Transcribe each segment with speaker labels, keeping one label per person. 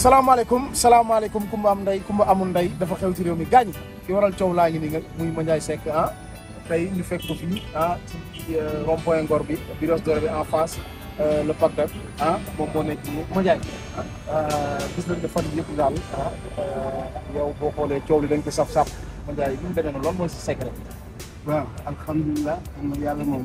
Speaker 1: salaamaaleykum salaamaaleykum kumba am ndey kumba amul ndey dafa xew ci réew mi gaañ ki waral coow laa ngi ni nga muy Mandiaye sekk ah tey lu fekk ko fii ah ci euh, rond point Ngor bi Birame bi en face euh, le Pape ah moom moo nekk nii Mandiaye ah, euh, gis nañ ah, boo xoolee coow li dañ ko saf-saf Mandiaye bi mu demee noonu loolu mooy si secret. waaw alhamdulilah yàlla moom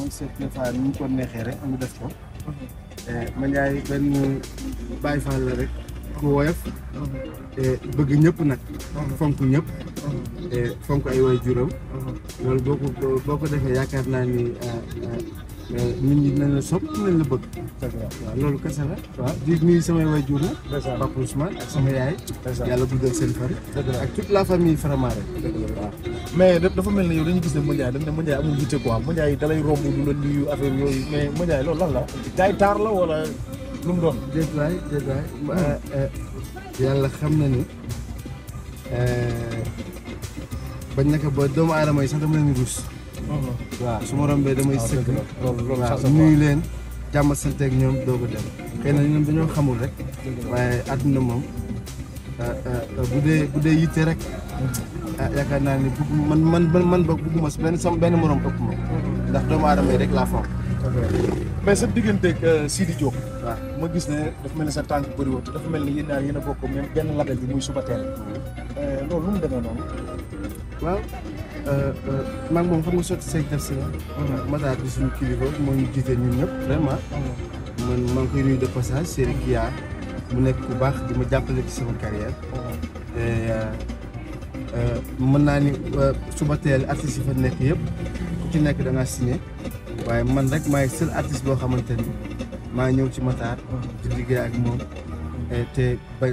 Speaker 1: mooy seet des fois neexee rek ñu def ko. Mm-hmm. Eh, Mandiaye benn bàyyi faal rek. ku woyof bëgg ñëpp nag fonk ñëpp fonk ay way juróom loolu boo ko ko defee yaakaar naa ni ah, ah, ah, nit ñu nañ la sopp nañ la bëgg waaw loolu kese la waaw di nuyu samay way jur la Papa Ousmane ak sama yaay yàlla guddal seen fan ak la famille Faramaré waaw mais dafa mel ne yow dañu gis ne Mandiaye dañ ne Mandiaye amul yitte quoi Mandiaye dalay romb du la nuyu affaire yooyu mais Mandiaye loolu lan la daay taar la wala lu mu doon. déet waay déet waay eh, yàlla xam na ni eh, bañ naka ba doomu aadama yi sax dama leen ruus. Uh-huh. su ma rombee damay ah, sëkk. waaw nuyu leen jàmm santeeg ñoom doog a dem. xëy na ñoom xamul rek. waaye àdduna moom eh, bu dee bu dee yitte rek. Uh-huh. yaakaar naa ni bëgg man man man ba bëgguma si benn sama benn morom ëpp ma. Uh-huh. ndax doomu aadama yi rek laa foog. mais sa digganteeg Sidi Diop. waaw ma gis ne dafa mel ni sa tànk bëriwul te dafa mel ni yéen ñaar yéen bokk même benn label bi muy suba teel. Euh, loolu lu mu demee noonu. waaw euh, euh, maa sotti say def si bi suñu kilifa moo ñu jiite ñun ñëpp vraiment. Mm-hmm. man maa ngi koy mu nekk bu baax di ma jàppale ci sama carrière. Mm-hmm. mën naa ni suba teel artistes yi fa nekk yëpp ku ci nekk da ngaa signé waaye man rek maay seul artiste boo xamante ni. maa ñëw ci Matar. di liggéey ak moom. Eh, te ba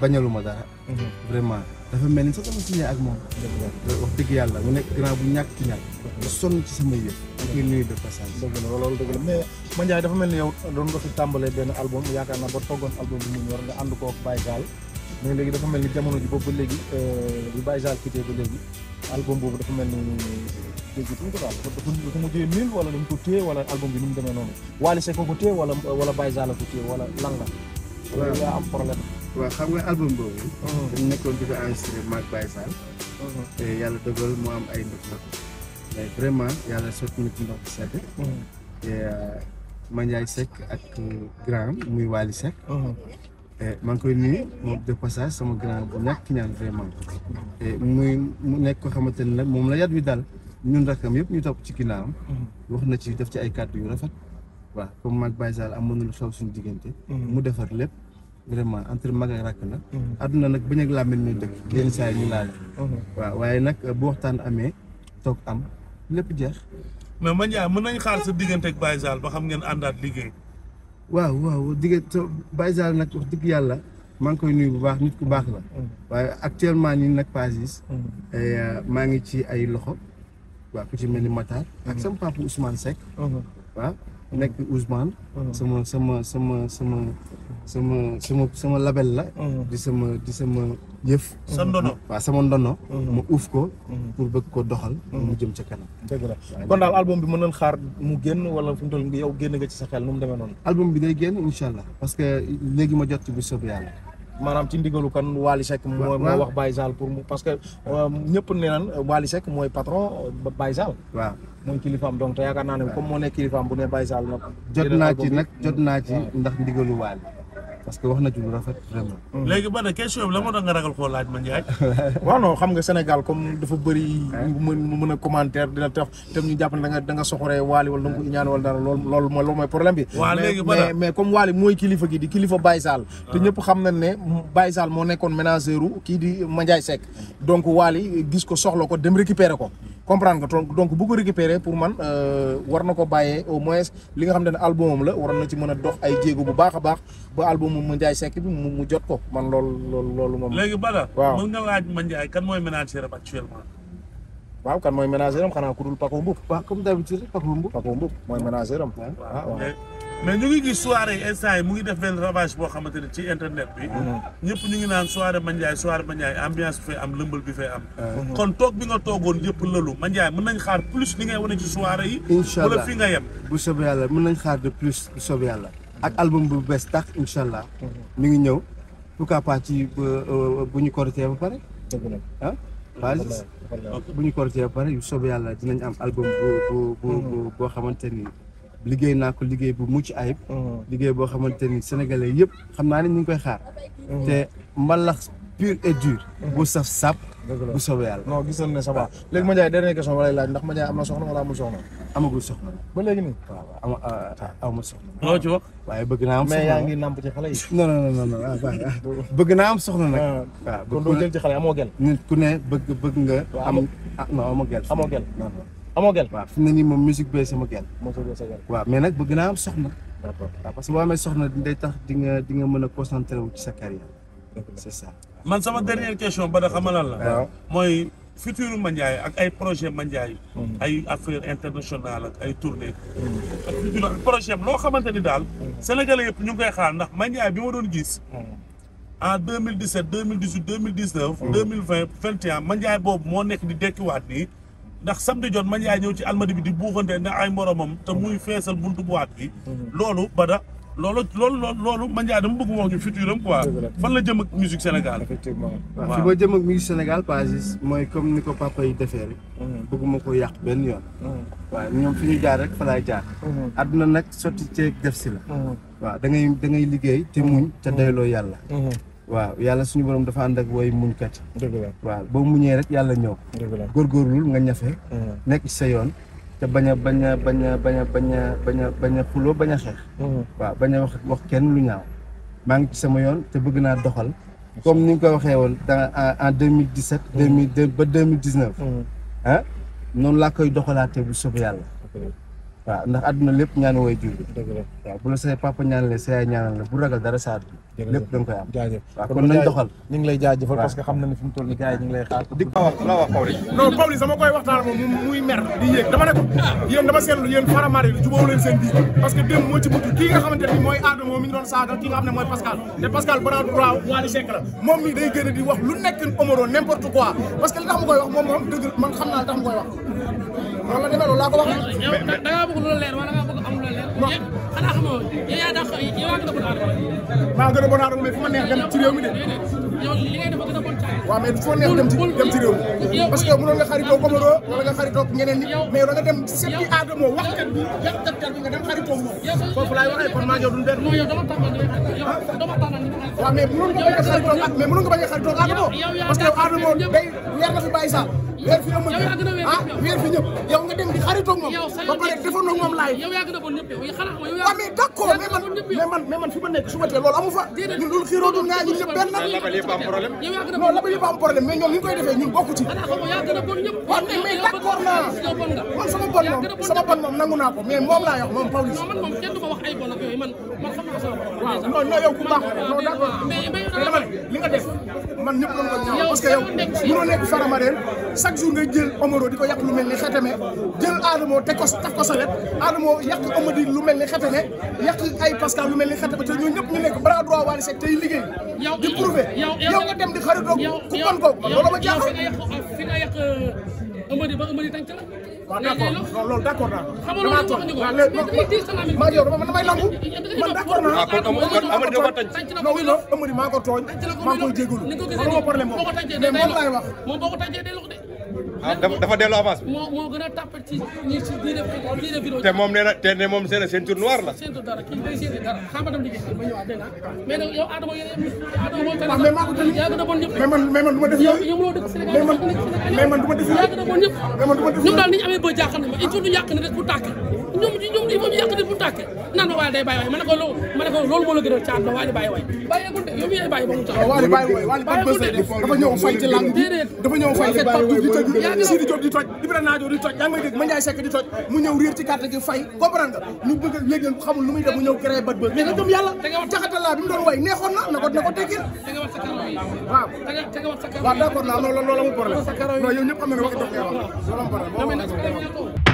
Speaker 1: bañalu ma daa mhm. vraiment dafa mel ni sax dama signé ak moom. wax dëgg yàlla mu nekk grand bu ñàkk ci ñàkk. sonn ci sama yëf. di koy nuyu de passage. loolu dëgg la mais Mandiaye dafa mel ni yow doon nga fi benn album yaakaar naa ba toggoon album bi mu ñor nga ànd koog Baye Gaal mais léegi dafa mel ni jamono ji boobu ba léegi euh, bi Baye Gaal quitté ba léegi album boobu dafa mel ni. déggatuñ ko daal dafa mujjee mil wala nu mu ko téye bi nu mu demee noonu Wally Seck ko téye wala wala Baye Zala ko téye la. waaw yaa am xam nga album boobu. Hmm. dañ nekkoon di ko enregistré maag Baye hmm. yàlla dogal mu am ay ndox mais vraiment yàlla sotti na ci ndox bu sedd. Hmm. te euh, euh, muy Wally Seck. maa ngi koy nuyu moom de passage sama grand bu ñàkk ñaan vraiment muy mu nekk ko xamante nag moom la yat wi daal ñun rakam yëpp ñu topp ci am mm-hmm. wax na ci def ci ay kàddu yu rafet. waa comme mag Baye Sall amoon na lu xew suñu diggante. Mm-hmm. mu defar lépp vraiment entre mag ak rakk la. Mm-hmm. àdduna nag bañ ak làmmiñ ñuy dëkk. yenn saa yi ñu laale. waa waaye nag bu waxtaan amee toog am lépp jeex.
Speaker 2: mais ma jaay mën nañ xaar sa diggante ak Baye ba xam ngeen àndaat liggéey.
Speaker 1: waaw waaw diggante Baye Sall nag wax dëgg yàlla. maa koy nuy bu baax nit ku baax la. waaye actuellement nii nag Pazis. Eh, maa ngi ci ay loxo. waaw ku ci mel ni Matar. ak mhm. sama papa Ousmane Seck. Mhm. waaw nekk Ousmane. Mhm. sama sama sama sama sama sama sama label la. di sama di sama yëf. sa ndono waaw sama ndono. ma uuf ko. pour bëgg ko doxal. mu jëm ca kanam. dëgg la kon daal album bi mën nañ xaar mu génn wala fu mu toll yow génn nga ci sa xel nu mu demee noonu. album bi day génn incha allah parce que léegi ma jot bi soobee yàlla. maanaam ci ndigalu kan Wally Seck moo wax Baye Sall pour mu parce que euh, ñëpp ne nan euh, Wally mooy patron Baye Sall waaw mooy kilifaam donc te yaakaar naa ne comme moo ne kilifaam bu ne Baye Sall nag jot naa ci nag jot naa ci ndax ndigalu Wally parce que wax na ci lu rafet vraiment. Mm. léegi ba ne question bi la moo tax nga ragal koo laaj ma Ndiaye. waaw non xam nga Sénégal comme dafa bëri mën mën a commentaire dina tax tam ñu jàpp ne da nga da nga soxoree Waly wala da nga ko ñaan wala dara loolu loolu problème bi. mais comme Waly mooy kilifa gi di kilifa Baye Sall. te ah. ñëpp xam na ne Baye moo nekkoon ménageur kii di Mandiaye Seck donc Waly gis ko soxla ko dem récupérer ko. comprendre nga donc bu ko récupérer pour man euh, war na ko bàyyee au mois li nga xam ne albumam la war na ci mën a dox ay jéego bu baax a baax ba albumam Mandiaye Seck bi mu jot ko man loolu loolu loolu moom. léegi Bada. waaw mën
Speaker 2: nga laaj kan mooy ménager am actuellement.
Speaker 1: waaw kan mooy ménager am xanaa ku dul Paco Mboup. waaw comme d'habitude Paco mooy ménager am. Ah, waaw
Speaker 2: waaw mais ñu ngi gis soirée yi instant yi mu ngi def benn ravage boo xamante ne ci internet bi mm-hmm. ñëpp ñu ngi naan soirée Mandiaye soirée Mandiaye ambiance bi am lëmbal bi fay am mm-hmm. kon toog bi nga toogoon yëpp lëlu Mandiaye mën nañ xaar plus li ngay wane ci soirée yi incha allah wala fi nga yem
Speaker 1: bu soobee yàlla mën nañ xaar de plus bu soobee yàlla ak album bu bees tax incha allah mm-hmm. mi ngi ñëw pourquoi pas ci euh, euh, bu ñu korité ba pare ah bu ñu korité ba pare bu soobee yàlla dinañ am album bu bu bu boo xamante ni liggéey naa ko liggéey bu mucc ayib. Mhm. liggéey boo xamante ni sénégalais yëpp xam naa ne ñu ngi koy xaar. Mhm. te mbalax pur et dur. Mhm. bu saf sap. bu soobee yàlla. non gisoon ne ça va léegi ma Ndiaye dernière question ma lay laaj ndax ma Ndiaye am na soxna wala amul soxna. amagul soxna. ba léegi nii. waaw am ah, ah, soxna. loo ci wax. waaye bëgg naa am soxna ngi namp ci xale ah, bëgg naa am soxna nag. waaw kon doo jël ci xale amoo gel. nit ku ne bëgg bëgg nga. am ah non amoo amoo gel. amoo gel waaw fi mu ne moom musique bee sama gel waaw mais nag bëgg a am soxna d'accord waaw parce que boo amee soxna day tax di nga di nga mën a concentré wu ci sa carrière c'est ça
Speaker 2: man sama dernière question ba da xamalal la mooy futur Mandiaye ak ay projet Mandiaye hmm. ay affaire internationale ak ay tournée hmm. ak futur ak projet loo xamante ni daal hmm. sénégalais yëpp ñu ngi koy xaar ndax Mandiaye bi ma doon gis en 2017 2018 2019 2020 21 Mandiaye boobu moo nekk di dekkiwaat nii ndax samedi jot man yaay ñëw ci almadi bi di buuxante ne ay moromam te muy feesal bu boîte bi loolu bada loolu loolu loolu man jaay dama bëgg wax ñu futur am fan la jëm ak musique Sénégal effectivement waaw fi ma
Speaker 1: jëm ak musique Sénégal pasis mooy comme ni ko papa yi defee rek mm-hmm. bëgguma ko yàq benn yoon mm-hmm. waaw ñoom fi ñu jaar rek fa laay jaar mm-hmm. àdduna nag sotti ceeg def si la waa da ngay da ngay liggéey te muñ te doyloo yàlla waaw yàlla suñu borom dafa ànd ak woy muñkat dëgg la waaw boo muñee rek yàlla ñëw dëgg la góorgóorlul nga ñafe hmm. nekk ci sa yoon te bañ a bañ a bañ bañ a bañ a a bañ a xuloo bañ a xeex hmm. waa bañ a wax wax kenn lu ñaaw maa ngi ci sama yoon te bëgg naa doxal comme ni nga koy waxee woon dans en deux mille dix sept hmm. deux mille deux ba deux mille dix neuf ah noonu laa koy doxalaatee bu soobee yàlla waaw ndax àdduna lépp ñaan woy jur bi waaw bu la say papa ñaanalee sa yaay ñaanal la bu ragal dara sa àdduna lépp da nga koy am jaajëf ñu ngi lay jaajëfal parce que xam na ne fi mu toll nii gars lay xaar di wax la wax Pawlish
Speaker 3: non Pawlish sama koy waxtaan moom muy mer di yéeg dama ne ko yéen dama seetlu yéen lu jubóo seen biir parce que démb moo ci mi ngi doon saaga ki nga xam ne mooy Pascal te Pascal bras droit Wally Seck moom mii day gën a di wax lu nekk Omaro n'importe quoi parce que li mu koy wax moom moom dëgg man xam naa li tax mu koy wax loolu la demee loolu laa ko wax yéen xanaa xamoo yow yaa dàq yow yaa gën a bon aadama. maa gën a bon aadama mais fu ma neex dem ci réew mi de. waaw mais foo neex dem ci dem ci réew mi parce que mënoon nga xaritoo Omaro wala nga xaritoo ñeneen ñi mais da nga dem seppi Adamo waxkat bi yàqkat bi nga dem xaritoo moom foofu laay waxee kon maa ngi duñ benn waaw
Speaker 2: mais mënoon nga bañ a xaritoo ak mais mënoon nga bañ a xaritoo Adamo parce que Adamo
Speaker 3: day weer na fi bàyyi sax weer fi amul ah weer fi ñëpp yow nga dem di xaritoo moom ba pare defoon na moom laay waaw mais d'accord mais man mais man mais man fi ma nekk su ma tee loolu amu fa ñun loolu xiroo du ngaa ñun ñëpp benn non label yëpp am problème mais ñoom ñu koy defee ñun bokku ci waaw mais d'accord naa man sama bon moom sama bon moom nangu a ko mais moom laa yox moom Pawlish waaw non non yow ku baax non d'accord man ñëpp mën ko ñaaw parce que yow mënoo nekk Faramareen chaque jour ngay jël Omaro ko yàq lu mel ni xeteme jël Adamo teg ko taf lu mel ni xeteme yàq ay lu mel ni xeteme te ñoo ñëpp ñu tey liggéey di prouver yow nga dem di xaritoo ku bon kooku loolu ma jaaxal fi nga yàq Amady ba Amady tànk la waaw d'accord non loolu d'accord naa. damaa toog waaw léegi maa ngi yow dama man damay langu man d'accord naa. kon Amady dama tànc non oui non Amady maa ko tooñ. maa ngi koy jégalu man ma problème moom mais moom laay wax. Ah, dafa delloo avance bi. moo moo gën a tàppal ci ñi ci diine diine vidéo. te moom nee na te ne moom seen ceinture noire la. ceinture dara kii day ceinture dara xam nga dama liggéey ba ñëwaat dégg nga mais nag yow Adama yéen Adama moo tax. Ah, mais maa ko tënk yaa gën a bon ñëpp. mais man mais man du ma def. yow yow mënoo dëkk Sénégal mais man mais man du ma def. yaa gën a bon ñëpp. mais man du ma def ñoom daal ni ñu amee ba jaaxal na ma il faut ñu yàq ne rek bu tàkk. ñoom ñoom il faut ñu yàq nit bu tàkkee naan ma waaye day bàyyi waay ma ne ko loolu ma ne ko loolu moo la gën a caat la waaye bàyyi waay bàyyi ko de yow yaay bàyyi ba mu taxaw waaye bàyyi waay waaye ban bës dafa ñëw fay ci làng bi dafa ñëw fay ci Pape Diouf di toj Sidi Diop di toj Ibra Naajo di toj yaa ngi may dégg ma Ndiaye Seck di toj mu ñëw réer ci carte gi fay comprendre nga ñu bëgg léegi ngeen xamul lu muy def mu ñëw créé bat bës mais nga jëm yàlla jaxatalaa bi mu doon way neexoon na na ko na ko tekkil waaw waaw d'accord naa loolu loolu amul problème non yow ñëpp xam na ne wax dëgg yàlla loolu am problème